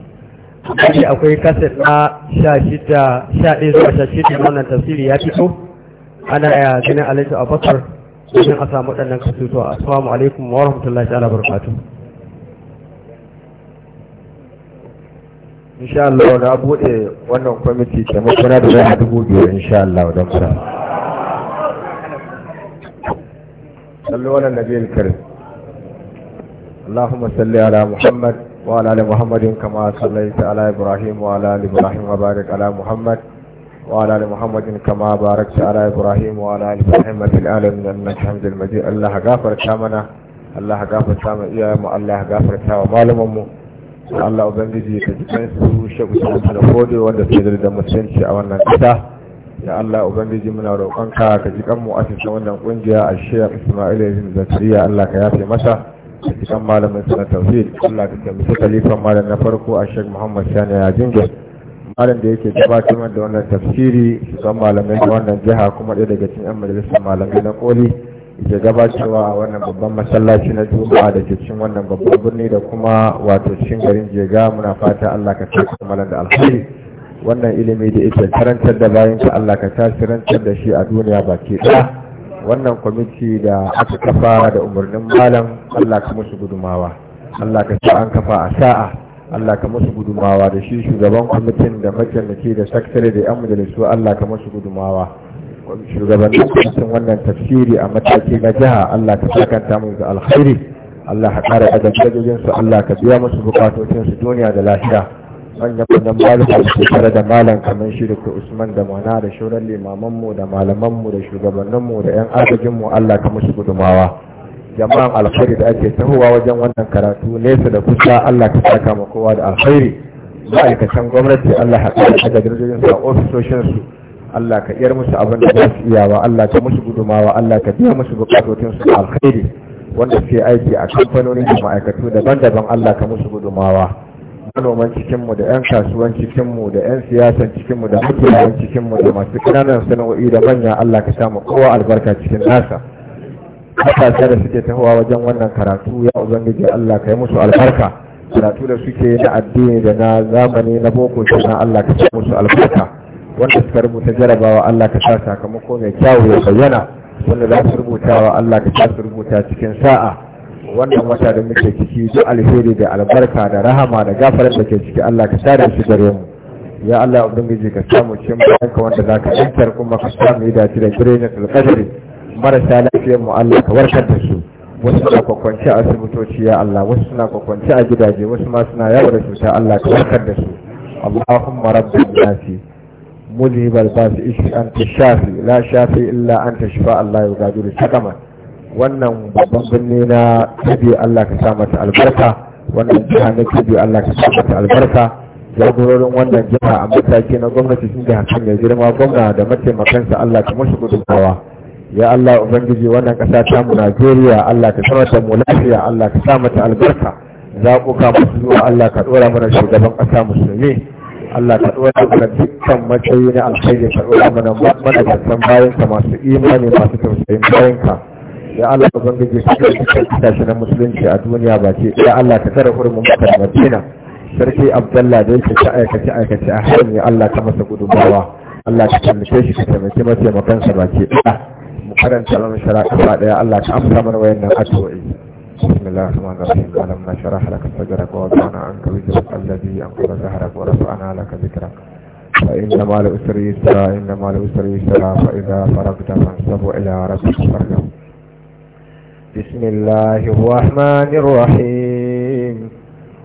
S3: Kashi akwai kaset na sha shida sha ɗaya zuwa sha shida wannan tafsiri ya fito ana eh, ganin a Abubakar domin a samu waɗannan kasutuwa assalamu alaikum wa rahmatullahi ta'ala barakatuh
S1: insha Allah na bude wannan kwamiti taimako na da zai dubu biyu insha Allah don sa sallu wannan nabi alkarim اللهم صل على محمد وعلى ال محمد كما صليت على ابراهيم وعلى ال ابراهيم وبارك على محمد وعلى ال محمد كما باركت على ابراهيم وعلى ال ابراهيم في العالمين انك حمد المجيد الله غافر تامنا الله غافر تام ايام الله غافر تام معلمم Allah ubangiji ka ji kansu shagu sun da kode wanda suke da musulunci a wannan kasa ya Allah ubangiji muna roƙonka ka ji kan mu'asisa wannan kungiya a shiyar Isma'il ibn Zakariya Allah ka yafe masa da cikin malamin na tauhid Allah ka taimaki kalifan malam na farko a Sheikh Muhammad Sani ya jinge malam da yake gabatar da wannan tafsiri don malamai da wannan jiha kuma ɗaya daga cikin 'yan majalisar malamai na koli ke gabatarwa a wannan babban masallaci na juma'a da ke cikin wannan babban birni da kuma wato cikin garin jega muna fata allah ka ta malam da alheri wannan ilimi da ita karantar da bayan ka allah ka ta sirantar da shi a duniya baki ɗaya wannan kwamiti da aka kafa da umarnin malam allah ka musu gudumawa allah ka sa an kafa a sa'a Allah ka musu gudumawa da shi shugaban kwamitin da mataimaki da sakatare da 'yan majalisu Allah ka musu gudumawa shugabannin kwamitin wannan tafsiri a mataki na jiha Allah ka sakanta mu da alkhairi Allah ka kare adadin su Allah ka biya musu bukatocin su duniya da lafiya manyan kundin malika da ke tare da malam kamar shi da usman da mana da shauran limamanmu da malamanmu da shugabanninmu da 'yan agajinmu Allah ka musu gudumawa jama'an alkhairi da ake tahowa wajen wannan karatu nesa da kusa Allah ka saka ma kowa da alkhairi ma'aikatan gwamnati Allah ya haɗa da gargajin sa ofisoshin su Allah ka iyar musu abin da za su wa Allah ka musu gudumawa Allah ka biya musu bukatotin su alkhairi wanda suke aiki a kamfanonin da ma'aikatu daban-daban Allah ka musu gudumawa manoman cikinmu da 'yan kasuwan cikinmu da 'yan siyasan cikinmu da makiyayan cikinmu da masu ƙananan sana'o'i da manya Allah ka samu kowa albarka cikin nasa matasa da suke tahowa wajen wannan karatu ya ubangiji Allah ka yi musu albarka karatu da suke na addini da na zamani na boko na Allah ka yi musu albarka wanda suka rubuta jarabawa Allah ka sa sakamako mai kyawu ya bayyana wanda za su wa Allah ka sa su rubuta cikin sa'a wannan wata da muke ciki duk alheri da albarka da rahama da gafarar da ke ciki Allah ka sada shi gare mu ya Allah ubangiji ka samu cikin bayanka wanda za ka kuma ka samu da da birnin alƙadari marasa lafiyar mu Allah ka warkar da su wasu na kwakwanci a asibitoci ya Allah wasu suna kwakwanci a gidaje wasu ma suna yawo da cuta Allah ka warkar da su Allahumma rabbin nasi مذهب الباس shafi أنت الشافي لا شافي إلا أنت شفاء الله يغادر السقمة wannan babban birni na tabi Allah ka sa mata albarka wannan jiha na tabi Allah ka sa mata albarka jagororin wannan jiha a mataki na gwamnati sun da hakan ya girma gwamna da mataimakansa Allah ka mashi gudunmawa ya Allah ubangiji wannan ƙasa ta mu Najeriya Allah ka samata mu lafiya Allah ka sa mata albarka Za ku zaɓuka masu zuwa Allah ka ɗora mana shugaban ƙasa musulmi Allah ka ɗora mana dukkan matsayi na alkhairi ka ɗora mana managartan bayanka masu imani masu tausayin bayanka ya Allah ubangiji ka ɗora dukkan kasashe na musulunci a duniya ba ce. ya Allah ka tsara hurumin maka da Madina sarki Abdallah da yake ta aikace aikace a hanyar Allah ka masa gudunmawa Allah ka taimake shi ka taimake mataimakansa baki ɗaya karanta lamun shara kafa daya Allah ka amsa mana wayannan addu'o'i bismillahir rahmanir rahim alam nashrah laka sadrak wa wada'na anka rizqaka alladhi anqadha dhahrak wa rafa'na laka dhikrak fa inna ma la usri yusra inna ma la usri yusra fa idha faragta fansabu ila rabbika farga bismillahir rahmanir rahim